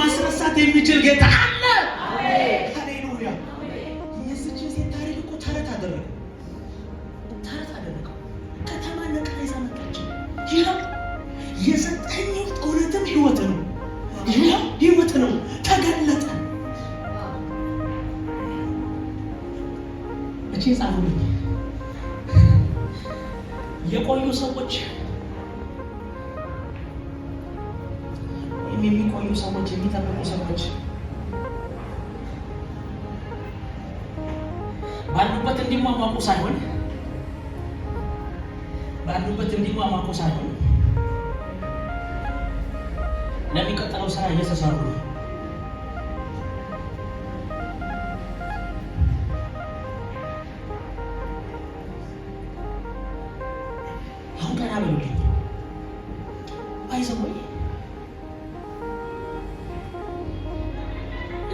ማስረሳት የሚችል ጌታ የሚቆዩ ሰዎች፣ የሚጠብቁ ሰዎች ባሉበት እንዲሟሟቁ ሳይሆን ባሉበት እንዲሟሟቁ ሳይሆን ለሚቀጥለው ስራ እየተሰሩ ነው።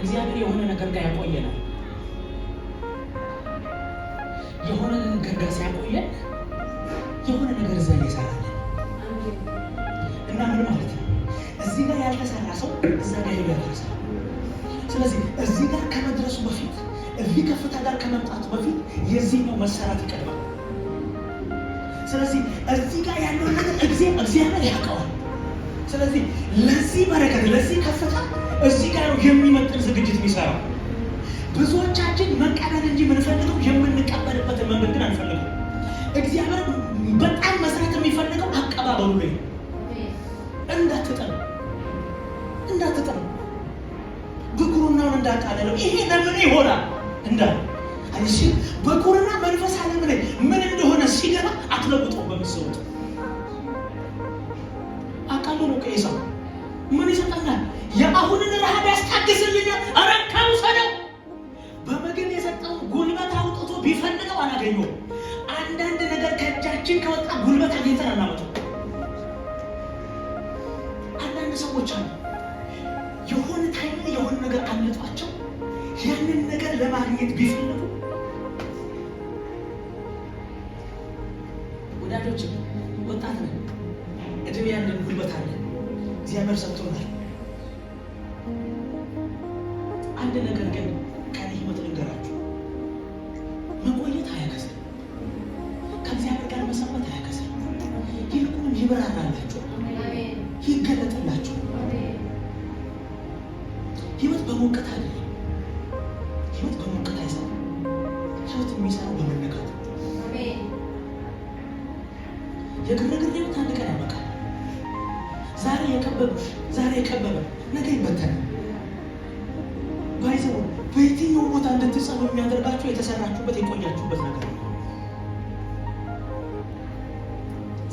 እግዚአብሔር የሆነ ነገር ጋር ያቆየናል። የሆነ ነገር ጋር ሲያቆየን የሆነ ነገር እዛ ላይ እና ምን ማለት ነው? እዚህ ጋር ያልተሰራ ሰው እዛ ጋር ሄዶ ያልተሰራ። ስለዚህ እዚህ ጋር ከመድረሱ በፊት እዚህ ከፍታ ጋር ከመምጣቱ በፊት የዚህኛው መሰራት ይቀድማል። ስለዚህ እዚህ ጋር ያለው ነገር እግዚአብሔር ያውቀዋል። ስለዚህ ለዚህ በረከት ለዚህ ከፍታ እዚህ ጋር የሚመጥን ዝግጅት የሚሰራው። ብዙዎቻችን መቀበል እንጂ የምንፈልገው የምንቀበልበትን መንገድ ግን አንፈልገው። እግዚአብሔር በጣም መስራት የሚፈልገው አቀባበሉ ላይ እንዳትጠሩ እንዳትጠሩ ብኩርናውን እንዳታለለው ይሄ ለምን ይሆናል እንዳለ አይሽ በኩርና መንፈስ ዓለም ላይ ምን እንደሆነ ሲገባ አትለውጠው በምሰውት ነው ቀይሰው ምን ይሰጠናል? የአሁንን ረሃብ ያስታግስልኛል። አረካው ሰደው በምግብ የሰጠው ጉልበት አውጥቶ ቢፈልገው አላገኘው። አንዳንድ ነገር ከእጃችን ከወጣ ጉልበት አግኝተን አናመጣው። አንዳንድ ሰዎች አሉ የሆነ ታይም የሆነ ነገር አለጧቸው ያንን ነገር ለማግኘት ቢፈልጉ መምህር ሰጥቶናል። አንድ ነገር ግን ከኔ ህይወት ልንገራችሁ፣ መቆየት አያከስርም፣ ከእግዚአብሔር ጋር መሰንበት አያከስርም፣ ይልቁንም ይብራራላችሁ።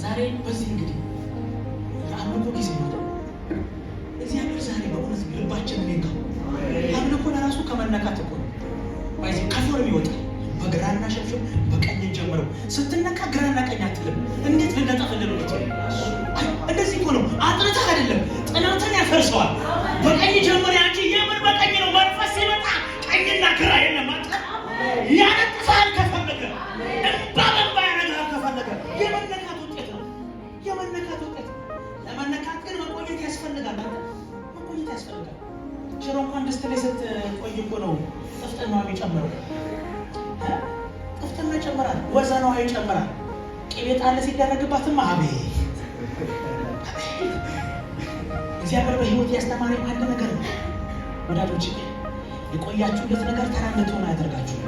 ዛሬ በዚህ እንግዲህ የአምልኮ ጊዜ ነው። እግዚአብሔር ዛሬ በእውነት ልባችን የሚንካው አምልኮ ለራሱ ከመነካት እኮ ይዜ ከፎርም ይወጣል። በግራና ሸፍሽም በቀኝ ጀምረው ስትነካ ግራና ቀኝ አትልም። እንዴት ልነጠፍ እንደዚህ እኮ ነው። አጥንተህ አይደለም ጥናትን ያፈርሰዋል። መቆየት ያስፈልጋል። መቆየት ያስፈልጋል። ሽሮ እንኳን ድስት ላይ ስትቆይ እኮ ነው ጥፍጥና የሚጨምረው። ጥፍጥና ይጨምራል፣ ወዘናዋ ይጨምራል። ቅቤ ጣል ሲደረግባትም አቤት እግዚአብሔር በህይወት ያስተማሪ አንድ ነገር ነው ወዳጆች፣ የቆያችሁበት ነገር ተራ እንድትሆን አያደርጋችሁ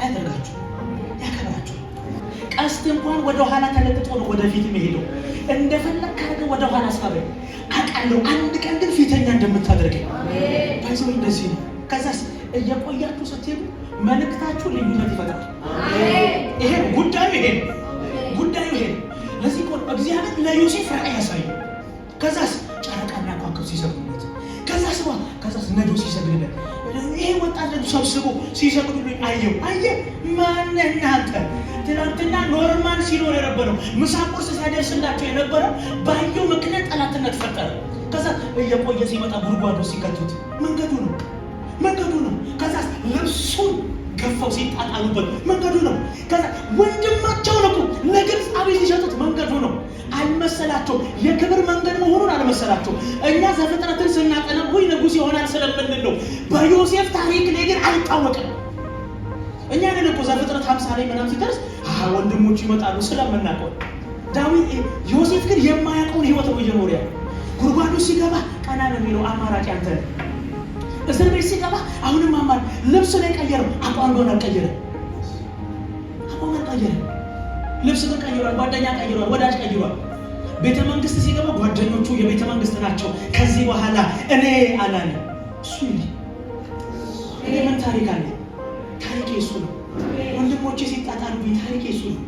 አያደርጋችሁ፣ ያከብራችሁ። ቀስት እንኳን ወደኋላ ተለጥጦ ነው ወደፊት የሚሄደው። እንደፈለግ አድርገህ ወደ ኋላ አስፋበኝ አውቃለሁ። አንድ ቀን ግን ፊተኛ እንደምታደርገኝ ባይዘው እንደዚህ ነው። ከዛስ እየቆያችሁ ስትሄዱ መልእክታችሁ ልዩነት ይፈጥራል። ይሄ ጉዳዩ ይሄ ጉዳዩ ይሄ ለዚህ ቆ እግዚአብሔር ለዮሴፍ ራዕይ ያሳየ ከዛስ ጨረቃና ከዋክብት ሲሰግዱለት ከዛስ ከዛስ ነዶ ሲሰግድለት ይህ ወጣት ሰብስቦ ሲሰግዱልኝ አየሁ። አየ ማን እናንተ? ትናንትና ኖርማል ሲኖር የነበረው ምሳ ቁርስ ሳይደርስላቸው የነበረው ባየው ምክንያት ጠላትነት ፈጠረ። ከዛ እየቆየ ሲመጣ ጉድጓዶ ሲከቱት መንገዱ ነው መንገዱ ነው። ከዛ ልብሱን ገፋው ሲጣጣሉበት መንገዱ ነው። ከዛ ወንድም አልመሰላቸውም። የክብር መንገድ መሆኑን አልመሰላቸውም። እኛ ዘፍጥረትን ስናጠና ወይ ንጉሥ ይሆናል ስለምንድን ነው። በዮሴፍ ታሪክ ላይ ግን አይታወቅም። እኛ ነን እኮ ዘፍጥረት ሀምሳ ላይ ምናም ሲደርስ ወንድሞቹ ይመጣሉ ስለምናውቀው። ዳዊት ዮሴፍ ግን የማያውቀውን ህይወት ነው እየኖር ያለ ጉድጓዱ ሲገባ ቀና ነው የሚለው አማራጭ አንተ እስር ቤት ሲገባ አሁንም አማር ልብሱ ላይ ቀየረው፣ አቋንጎን አልቀየረም። አቋም ልብስ ተቀይሯል፣ ጓደኛ ቀይሯል፣ ወዳጅ ቀይሯል። ቤተ መንግስት ሲገባ ጓደኞቹ የቤተ መንግስት ናቸው። ከዚህ በኋላ እኔ አላለ እሱ እኔ ምን ታሪክ አለ? ታሪክ የሱ ነው። ወንድሞቼ ሲጣጣሉብኝ ታሪክ የሱ ነው።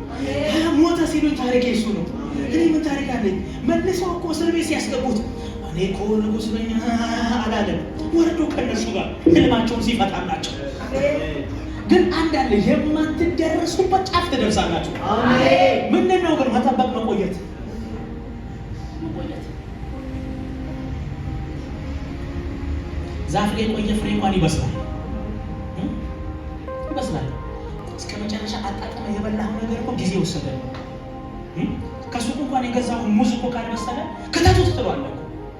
ሞተ ሲሉኝ ታሪክ የሱ ነው። እኔ ምን ታሪክ አለ? መልሰው እኮ እስር ቤት ሲያስገቡት እኔ እኮ ንጉስ ነኝ አላለም። ወርዶ ከነሱ ጋር ህልማቸውን ሲፈታላቸው ግን አንዳለ የማትደረሱበት ጫፍ ትደርሳላችሁ። ምንድን ነው ግን መጠበቅ ዛፍ ላይ የቆየ ፍሬ እንኳን ይበስላል ይበስላል። እስከ መጨረሻ አጣጥመ የበላህ ነገር እኮ ጊዜ ወሰደ ነው። ከሱቁ እንኳን የገዛው ሙዝ እኮ ካልበሰለ ክተቱ ትጥሏለ።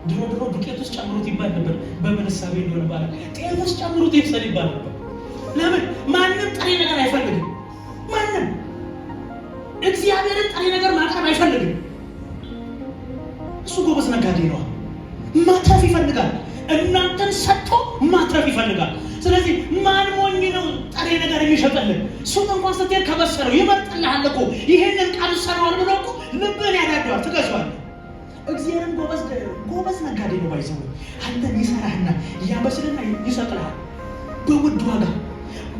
ድሮ ድሮ ዱቄት ውስጥ ጨምሩት ይባል ነበር። በምን ሳቢ እንደሆነ ባለ ጤፍ ውስጥ ጨምሩት ይብሰል ይባል ነበር። ለምን ማንም ጥሬ ነገር አይፈልግም። ማንም እግዚአብሔርን ጥሬ ነገር ማቅረብ አይፈልግም። እሱ ጎበዝ ነጋዴ ነዋ። ማትረፍ ይፈልጋል። እናንተን ሰጥቶ ማትረፍ ይፈልጋል። ስለዚህ ማን ሞኝ ነው ጠሬ ነገር የሚሸጠልን? ሱቅ እንኳን ስትሄድ ከበሰረው ይመርጥልሃል እኮ ይህንን ቃል ቀምሰነዋል ብሎ እኮ ልብን ያዳደዋል፣ ትገዟል። እግዚአብሔርን ጎበዝ ጎበዝ ነጋዴ ነው ባይዘው አንተን ይሰራህና ያበስልና ይሰጥልሃል በውድ ዋጋ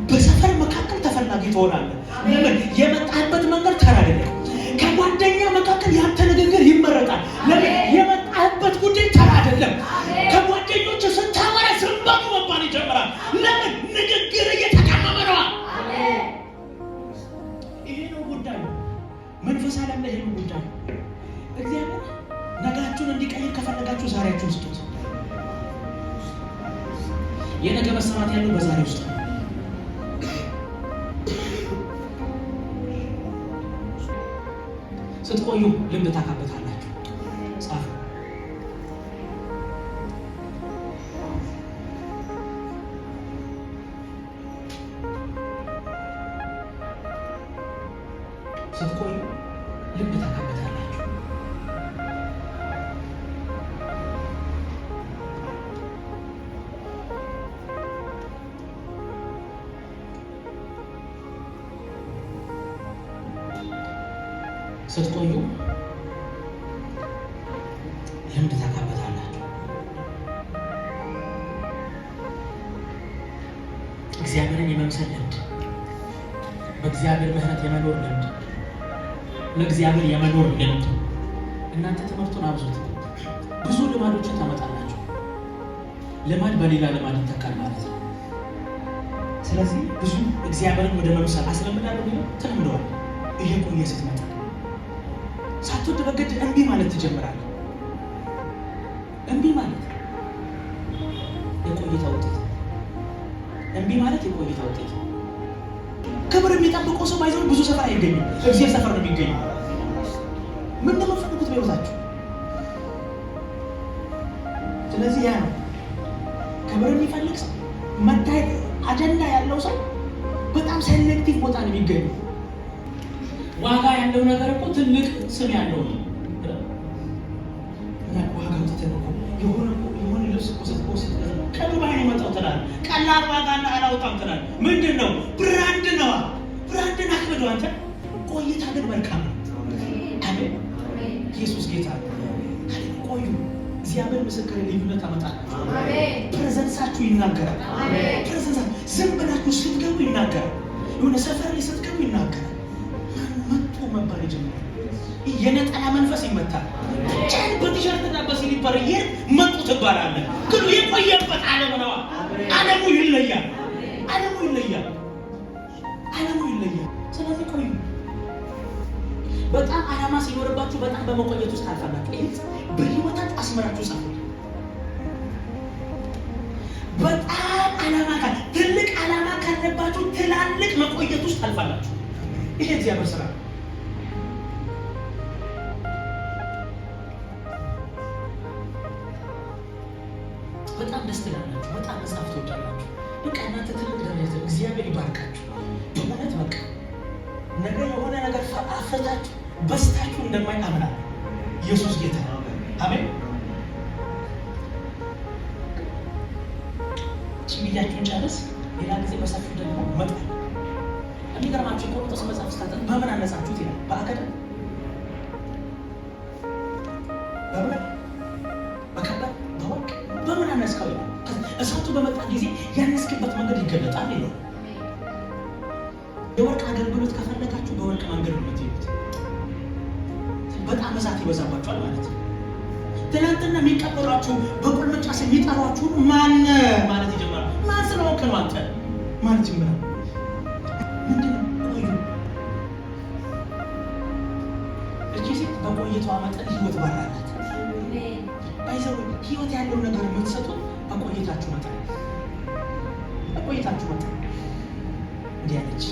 በሰፈር መካከል ተፈላጊ ትሆናለህ። ለምን የመጣህበት መንገድ ተራ አይደለም። ከጓደኛ መካከል ያንተ ንግግር ይመ እግዚአብሔርን የመምሰል ልምድ፣ በእግዚአብሔር ምህረት የመኖር ልምድ፣ ለእግዚአብሔር የመኖር ልምድ። እናንተ ትምህርቱን አብዙት። ብዙ ልማዶችን ታመጣላችሁ። ልማድ በሌላ ልማድ ይተካል ማለት ነው። ስለዚህ ብዙ እግዚአብሔርን ወደ መምሰል አስለምዳለሁ ቢለው ትለምደዋል። ቆየ ስትመጣ ሳትወድ በግድ እንቢ ማለት ትጀምራለህ። ዓመት የቆይታ ውጤት። ክብር የሚጠብቀው ሰው ባይዘው ብዙ ሰፈር አይገኝም፣ እግዚአብሔር ሰፈር ነው የሚገኘው። ምን ነው የምትፈልጉት ስለዚህ ያ ነው ክብር የሚፈልግ ሰው መታየት አጀንዳ ያለው ሰው በጣም ሴሌክቲቭ ቦታ ነው የሚገኙ። ዋጋ ያለው ነገር እኮ ትልቅ ስም ያለው ነው። ተስማምተናል። ምንድን ነው ብራንድ ነው። ብራንድን አክብዶ አንተ ቆይታ ግን መልካም ነው። አሜን። ኢየሱስ ጌታ ቆዩ። እግዚአብሔር ምስክር ልዩነት አመጣል። ፕሬዘንሳችሁ ይናገራል። ፕሬዘንሳ ዝም ብላችሁ ስትገቡ ይናገራል። የሆነ ሰፈር ላይ ስትገቡ ይናገራል። መጡ መባል ይጀምራል። የነጠላ መንፈስ ይመታል። ጨን በቲሸርት ዳበ ሲሊፐር የት መጡ ትባላለህ። ግን የቆየበት ዓለም ነዋ። ዓለሙ ይለያል። ዓለሙ ይለያል፣ ዓለሙ ይለያል። ስለዚህ ቆዩ። በጣም ዓላማ ሲኖርባችሁ በጣም በመቆየት ውስጥ አልፋላችሁ። ይህ በህይወታት አስመራችሁ ጻፉ። በጣም ዓላማ ካለ ትልቅ ዓላማ ካለባችሁ ትላልቅ መቆየት ውስጥ አልፋላችሁ። ይሄ እግዚአብሔር ስራ ነው። አፈታች በስታችሁ እንደማይ አምናል። ኢየሱስ ጌታ ነው። አሜን። ችግያችሁን ጨርስ። ሌላ ጊዜ በሰፊው ደግሞ መጣ። የሚገርማችሁ ቆሮንቶስ መጽሐፍ ስታጠን በምን አነሳችሁት ይላል። በምን በወርቅ በምን አነስከው ይላል። እሳቱ በመጣ ጊዜ ያነስክበት መንገድ ይገለጣል ይለዋል። መንገድ ነው የምትሄዱት። በጣም እሳት ይበዛባቸዋል ማለት ነው። ትናንትና የሚቀበሏችሁ በቁልምጫ ስ የሚጠሯችሁ ማን ማለት ይጀምራል። ማን ስለወቅ ነው አንተ ማለት ይጀምራል። ምንድነው መጠን ህይወት ባላላት ህይወት ያለው ነገር የምትሰጡ በቆይታችሁ መጠን በቆይታችሁ መጠን እንዲህ አለች።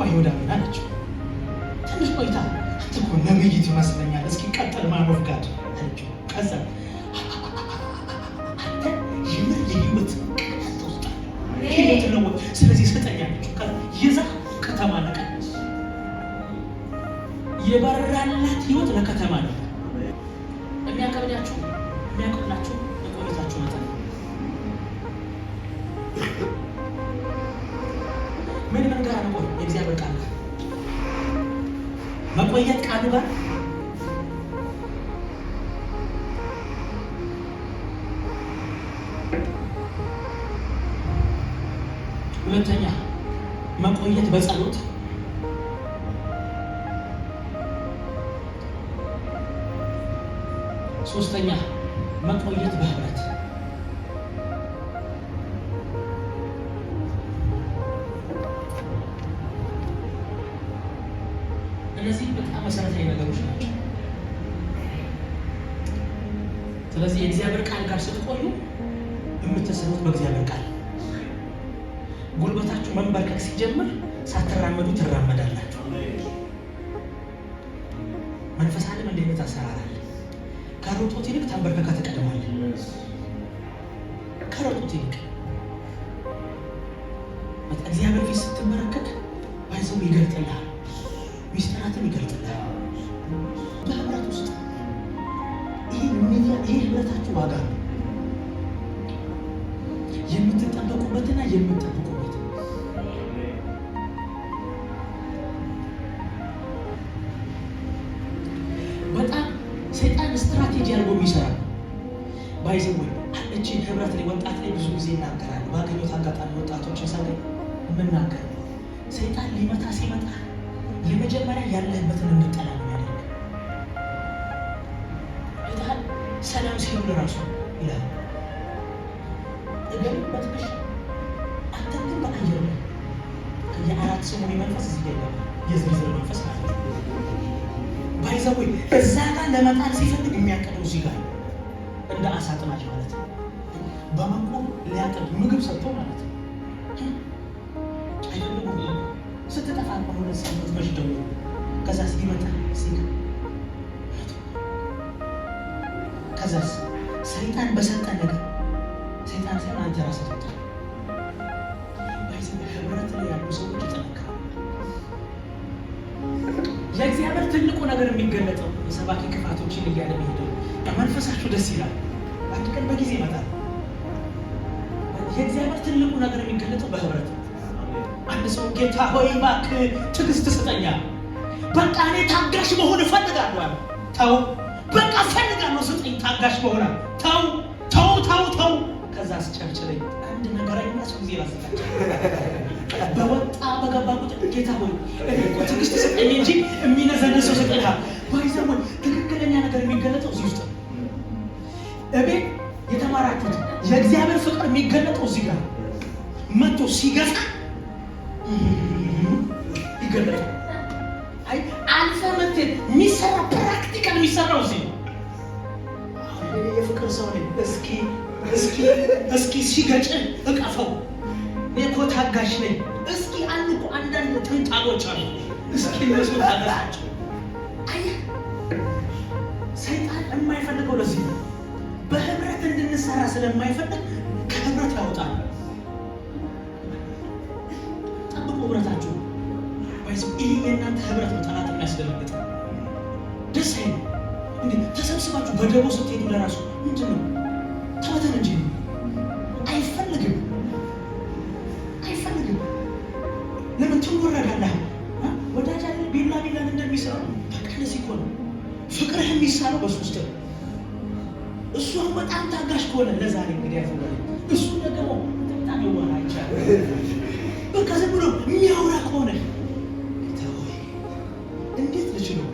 ቆይ አለችው ትንሽ ቆይታ ትኮ ነብይት ይመስለኛል። እስኪ ቀጥል ማኖር ጋር ከዛ የህይወት ህይወት ስለዚህ የዛ ከተማ የበራላት ህይወት ለከተማ ነው di ሁለተኛ መቆየት በጸሎት ሶስተኛ መቆየት በህብረት ጋር ስትቆዩ የምትስቡት በእግዚአብሔር ቃል ጉልበታችሁ መንበርከክ ሲጀምር ሳትራመዱ ትራመዳላችሁ። መንፈስ ዓለም እንዲህ ዓይነት አሰራር አለ። ከሮጦት ይልቅ ተንበርከካ ትቀድማለህ። ከሮጦት ይልቅ እግዚአብሔር ፊት ስትመረከክ ባይዘው ይገልጥልሃል፣ ሚስጥራትን ይገልጥልሃል። በህብረት ውስጥ ይህ ህብረታችሁ ዋጋ ነው። ሰይጣን ስትራቴጂ አድርጎ የሚሰራ ባይዘው አንቺ ህብረት ላይ ወጣት ላይ ብዙ ጊዜ ይናገራል። ባገኘሁት አጋጣሚ ወጣቶች ሳገኝ የምናገር ሰይጣን ሊመታ ሲመጣ የመጀመሪያ ያለህበትን እንድጠላ ነው ያደርግ ይታል ሰላም ሲሆን ራሱ ይላል እገር በትንሽ አንተ ግን በአየር ላይ የአራት ሰሞን መንፈስ እዚህ ገባ የዝርዝር መንፈስ ማለት ነው ባይዘወይ እዛ ጋር ለመጣል ሲፈልግ የሚያቀደው እዚህ ጋር እንደ አሳ ጥማጅ ማለት ነው። በመቆም ሊያቀድ ምግብ ሰጥቶ ማለት ነው። ስትጠፋ ከሆነ ሳምንት መች ደውሎ ከዛ ሲመጣ ከዛ ሰይጣን በሰጠ ነገር ሰይጣን ሳይሆን አንተ ራስህ ህብረት ላይ ያሉ ሰው ትልቁ ነገር የሚገለጠው የሰባኪ ክፋቶችን እያለ ሚሄደ መንፈሳችሁ ደስ ይላል። አንድ ቀን በጊዜ ይመጣል። የእግዚአብሔር ትልቁ ነገር የሚገለጠው በህብረት። አንድ ሰው ጌታ ሆይ እባክህ ትዕግስት ስጠኛ፣ በቃ እኔ ታጋሽ መሆን እፈልጋለሁ። ተው በቃ እፈልጋለሁ፣ ስጠኝ፣ ታጋሽ መሆን ተው፣ ተው፣ ተው፣ ተው። ከዛ አስጨርጭረኝ፣ አንድ ነገር አይነት ጊዜ ላስጠላቸው በወጣ በገባ ቁጥር ጌታ ሆይ እኔ እኮ ትዕግስት ስጠኝ እንጂ የሚነዘንሰው ስጠኝ። ባይዘ ሆይ ትክክለኛ ነገር የሚገለጠው እዚህ ውስጥ ነው። እቤት የተማራችሁት የእግዚአብሔር ፍቅር የሚገለጠው እዚህ ጋር መጥቶ ሲገዛ ይገለጣል። አልፈ መት የሚሰራ ፕራክቲካል የሚሰራው እዚህ የፍቅር ሰው እስኪ እስኪ እስኪ ሲገጭ ታጋሽ ነኝ። እስኪ አንድ አንዳንድ ጥንጣሎች አሉ። እስኪ እነሱ ታጋሳቸው። ሰይጣን የማይፈልገው ለዚህ ነው። በህብረት እንድንሰራ ስለማይፈልግ ከህብረት ያወጣል። ጠብቁ ህብረታችሁ። ይህ የእናንተ ህብረት ነው ጠላት የሚያስደነግጥ ደስ አይ ተሰብስባችሁ በደቦ ስትሄዱ ለራሱ ምንድን ነው ተወተን እንጂ እንደዚህ እኮ ነው ፍቅርህ የሚሳለው በሱ ነው። እሱ አሁን በጣም ታጋሽ ከሆነ ለዛሬ እንግዲህ ያፈ እሱ ደግሞ በጣም የሆነ አይቻልም። በቃ ዝም ብሎ የሚያወራ ከሆነ እንዴት ልችለው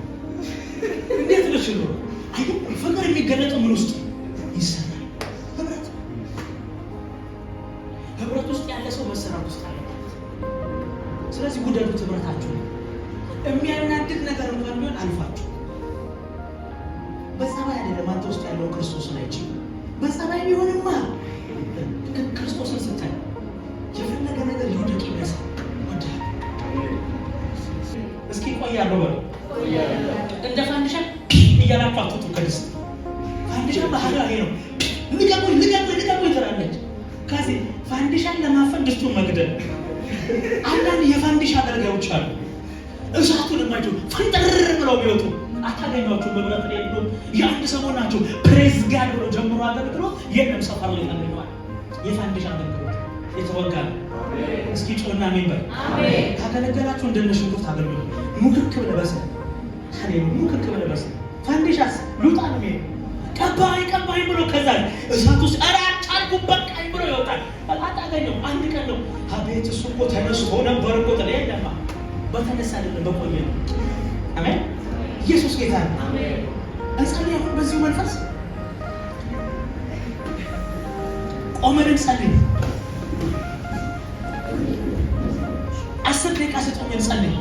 እንዴት ልችለው? አይ ፍቅር የሚገለጠው ምን ውስጥ እንደ ፋንዲሻ እያላችሁ አትውጡ ከድስት ፋንዲሻ ባህላ ይሄ ነው። ልቀቁ ልቀቁ ልቀቁ ትላለች። ከዚህ ፋንዲሻን ለማፈን ድስቱን መግደል አንዳንድ የፋንዲሻ አገልጋዮች አሉ። እሳቱን የማይችሉ ፍንጥር ብለው ቢወጡ አታገኟቸው። በብረት ላይ የአንድ ሰሞን ናቸው። ፕሬዝ ጋር ብሎ ጀምሮ አገልግሎት የለም ሰፈር ላይ ታገኘዋል። የፋንዲሻ አገልግሎት የተወጋ እስኪ ጮና ሜንበር ካገለገላችሁ እንደነሽንኩርት አገልግሎት ሙክክ ብለበሰ ከኔ ሙክ ክብለበስ ፋንዲሻስ ሉጣ ነው ሄ ቀባይ ቀባይ ብሎ ከዛ እሳት ውስጥ ኧረ አጫልኩ በቃኝ ብሎ ይወጣል። አላጣገኘው አንድ ቀን ነው አቤት እሱ እኮ ተነስቶ ነበር እኮ ተለ የለማ በተነሳ አይደለም በቆየ ነው። አሜን ኢየሱስ ጌታ ነው። እንጸልይ አሁን በዚሁ መንፈስ ቆመን እንጸልይ። አስር ደቂቃ ስጡኝ እንጸልይ